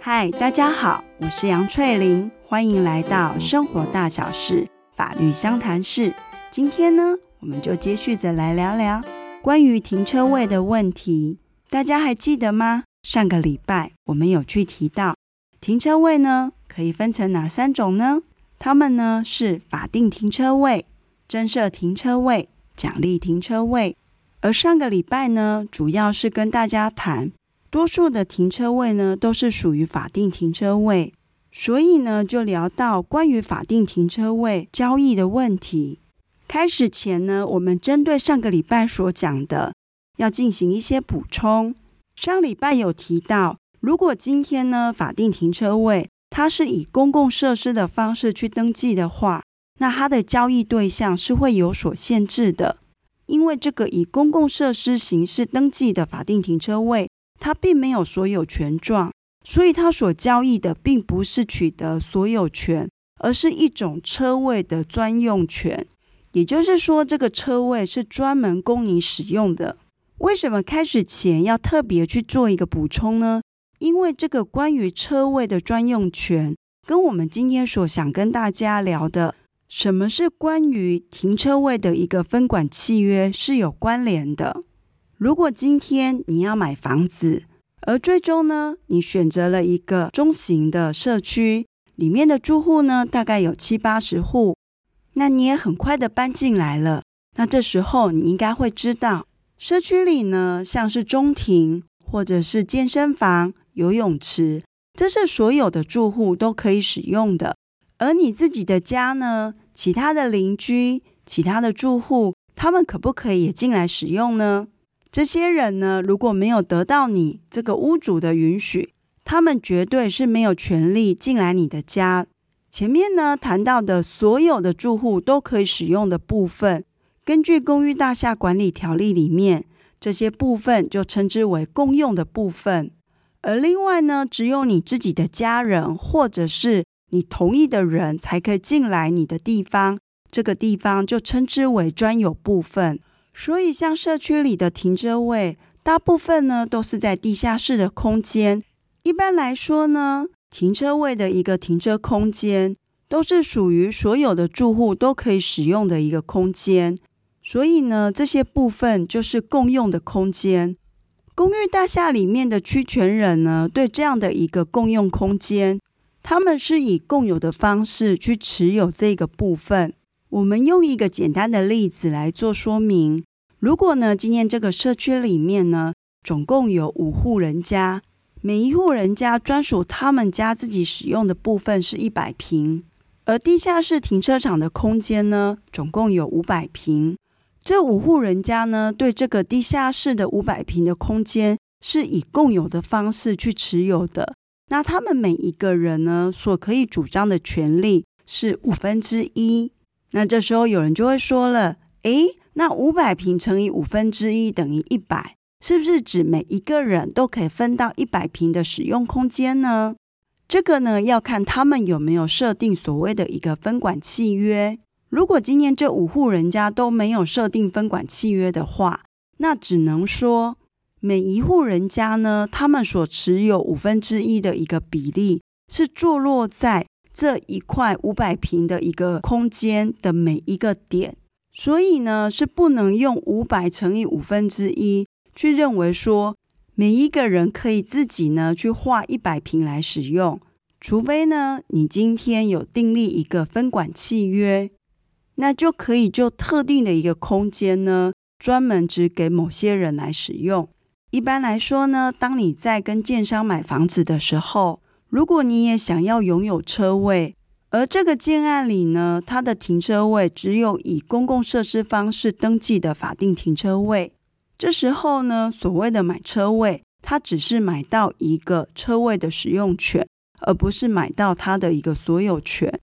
嗨，大家好，我是楊翠玲，歡迎來到生活大小事法律相談室。今天呢，我們就接續着來聊聊關於停車位的問題。大家還記得嗎？上個禮拜我們有去提到停車位呢，可以分成哪三種呢？它們呢是法定停車位。增設停車位、獎勵停車位。而上個禮拜呢，主要是跟大家談多數的停車位呢都是屬於法定停車位，所以呢就聊到關於法定停車位交易的問題。開始前呢，我們針對上個禮拜所講的要進行一些補充。上禮拜有提到，如果今天呢法定停車位它是以公共設施的方式去登記的話。那它的交易對象是會有所限制的，因為這個以公共設施形式登記的法定停車位，它並沒有所有權狀，所以它所交易的並不是取得所有權，而是一種車位的專用權。也就是說，這個車位是專門供你使用的。為什麼開始前要特別去做一個補充呢？因為這個關於車位的專用權，跟我們今天所想跟大家聊的，什麼是關於停車位的一個分管契約是有關聯的。如果今天你要買房子，而最終呢，你選擇了一個中型的社區，裡面的住戶呢，大概有七八十戶，那你也很快地搬進來了。那這時候你應該會知道，社區裡呢，像是中庭或者是健身房、游泳池，這是所有的住戶都可以使用的。而你自己的家呢？其他的鄰居、其他的住戶，他們可不可以也進來使用呢？這些人呢，如果沒有得到你這個屋主的允許，他們絕對是沒有權利進來你的家。前面呢，談到的所有的住戶都可以使用的部分，根據公寓大廈管理條例裡面，這些部分就稱之為共用的部分。而另外呢，只有你自己的家人或者是。你同意的人才可以進來你的地方，這個地方就稱之為專有部分。所以，像社區裡的停車位，大部分呢都是在地下室的空間。一般來說呢，停車位的一個停車空間都是屬於所有的住戶都可以使用的一個空間。所以呢，這些部分就是共用的空間。公寓大廈裡面的區權人呢，對這樣的一個共用空間，他們是以共有的方式去持有這個部分。我們用一個簡單的例子來做說明：如果呢，今天這個社區裡面呢，總共有五戶人家，每一戶人家專屬他們家自己使用的部分是一百平，而地下室停車場的空間呢，總共有五百平。這五戶人家呢，對這個地下室的五百平的空間，是以共有的方式去持有的。那他們每一個人呢，所可以主張的權利是五分之一。那這時候有人就會說了，誒，那五百平乘以五分之一等於一百，是不是指每一個人都可以分到一百平的使用空間呢？這個呢，要看他們有沒有設定所謂的一個分管契約。如果今天這五戶人家都沒有設定分管契約的話，那只能說。每一戶人家呢，他們所持有五分之一的一個比例，是坐落在這一塊五百平的一個空間的每一個點，所以呢，是不能用五百乘以五分之一去認為說，每一個人可以自己呢去劃一百平來使用，除非呢，你今天有訂立一個分管契約，那就可以就特定的一個空間呢，專門只給某些人來使用。一般來說呢，當你在跟建商買房子的時候，如果你也想要擁有車位，而這個建案裡呢，它的停車位只有以公共設施方式登記的法定停車位。這時候呢，所謂的買車位，它只是買到一個車位的使用權，而不是買到它的一個所有權。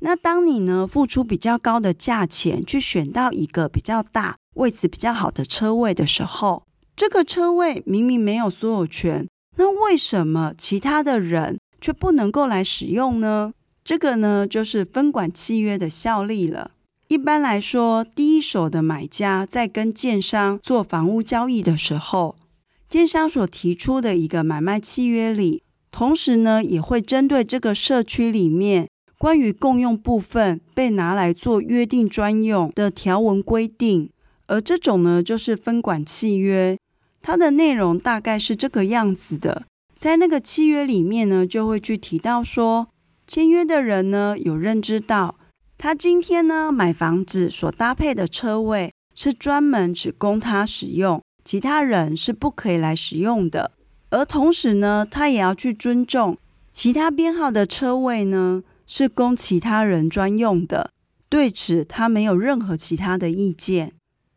那當你呢付出比較高的價錢，去選到一個比較大、位置比較好的車位的時候，這個車位明明沒有所有權，那為什麼其他的人卻不能夠來使用呢？這個呢，就是分管契約的效力了。一般來說，第一手的買家在跟建商做房屋交易的時候，建商所提出的一個買賣契約裡，同時呢，也會針對這個社區裡面關於共用部分被拿來做約定專用的條文規定，而這種呢，就是分管契約。它的內容大概是這個樣子的，在那個契約裡面呢，就會去提到說，簽約的人呢，有認知到，他今天呢買房子所搭配的車位是專門只供他使用，其他人是不可以來使用的。而同時呢，他也要去尊重其他編號的車位呢，是供其他人專用的，對此他沒有任何其他的意見。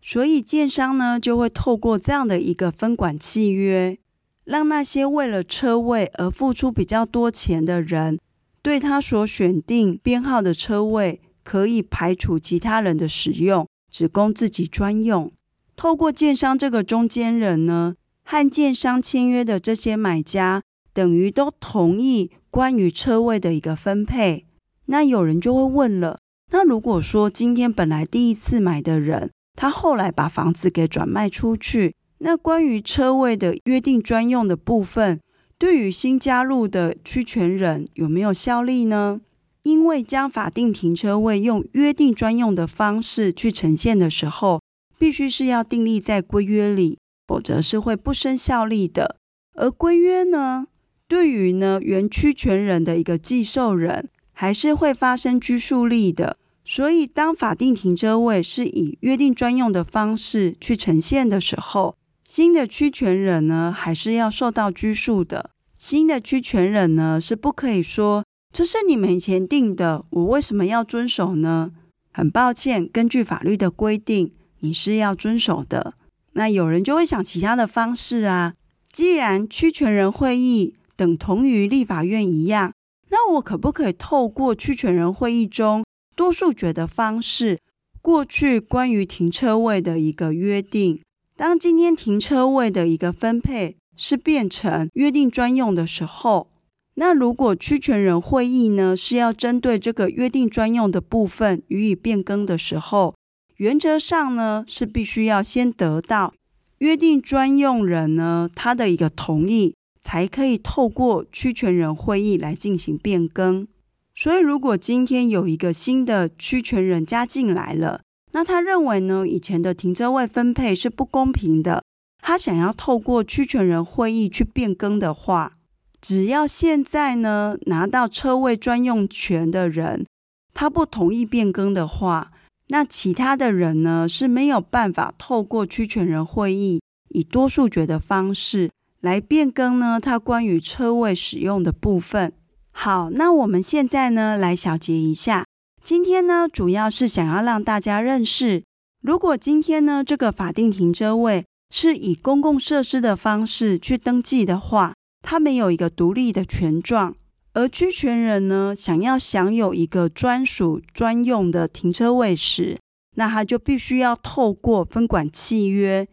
所以，建商呢就會透過這樣的一個分管契約，讓那些為了車位而付出比較多錢的人，對他所選定編號的車位可以排除其他人的使用，只供自己專用。透過建商這個中間人呢，和建商簽約的這些買家，等於都同意關於車位的一個分配。那有人就會問了，那如果說今天本來第一次買的人，他後來把房子給轉賣出去，那關於車位的約定專用的部分，對於新加入的區權人有沒有效力呢？因為將法定停車位用約定專用的方式去呈現的時候，必須是要訂立在規約裡，否則是會不生效力的。而規約呢，對於呢原區權人的一個繼受人，還是會發生拘束力的。所以，當法定停車位是以約定專用的方式去呈現的時候，新的區權人呢，還是要受到拘束的。新的區權人呢，是不可以說這是你們以前定的，我為什麼要遵守呢？很抱歉，根據法律的規定，你是要遵守的。那有人就會想其他的方式啊，既然區權人會議等同於立法院一樣，那我可不可以透過區權人會議中，多數決的方式，過去關於停車位的一個約定，當今天停車位的一個分配是變成約定專用的時候，那如果區權人會議呢是要針對這個約定專用的部分予以變更的時候，原則上呢是必須要先得到約定專用人呢他的一個同意，才可以透過區權人會議來進行變更。所以，如果今天有一個新的區權人加進來了，那他認為呢，以前的停車位分配是不公平的。他想要透過區權人會議去變更的話，只要現在呢拿到車位專用權的人，他不同意變更的話，那其他的人呢是沒有辦法透過區權人會議以多數決的方式來變更呢他關於車位使用的部分。好，那我們現在呢來小結一下。今天呢，主要是想要讓大家認識，如果今天呢這個法定停車位是以公共設施的方式去登記的話，他沒有一個獨立的權狀，而區權人呢想要享有一個專屬專用的停車位時，那他就必須要透過分管契約，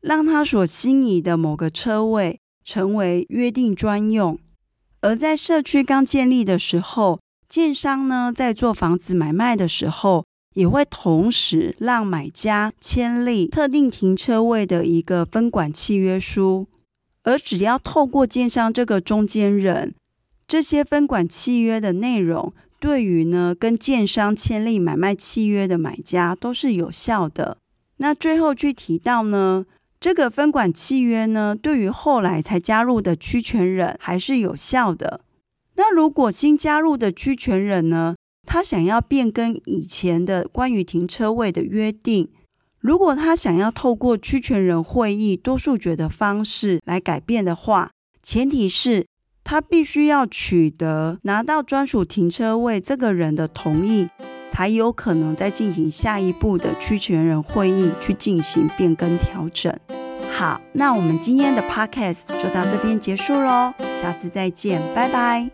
讓他所心儀的某個車位成為約定專用。而在社區剛建立的時候，建商呢在做房子買賣的時候，也會同時讓買家簽立特定停車位的一個分管契約書。而只要透過建商這個中間人，這些分管契約的內容，對於呢跟建商簽立買賣契約的買家都是有效的。那最後，具體到呢？這個分管契約呢，對於後來才加入的區權人還是有效的。那如果新加入的區權人呢，他想要變更以前的關於停車位的約定，如果他想要透過區權人會議多數決的方式來改變的話，前提是他必須要取得拿到專屬停車位這個人的同意，才有可能再進行下一步的區權人會議去進行變更調整。好，那我們今天的 Podcast 就到這邊結束咯，下次再見，拜拜。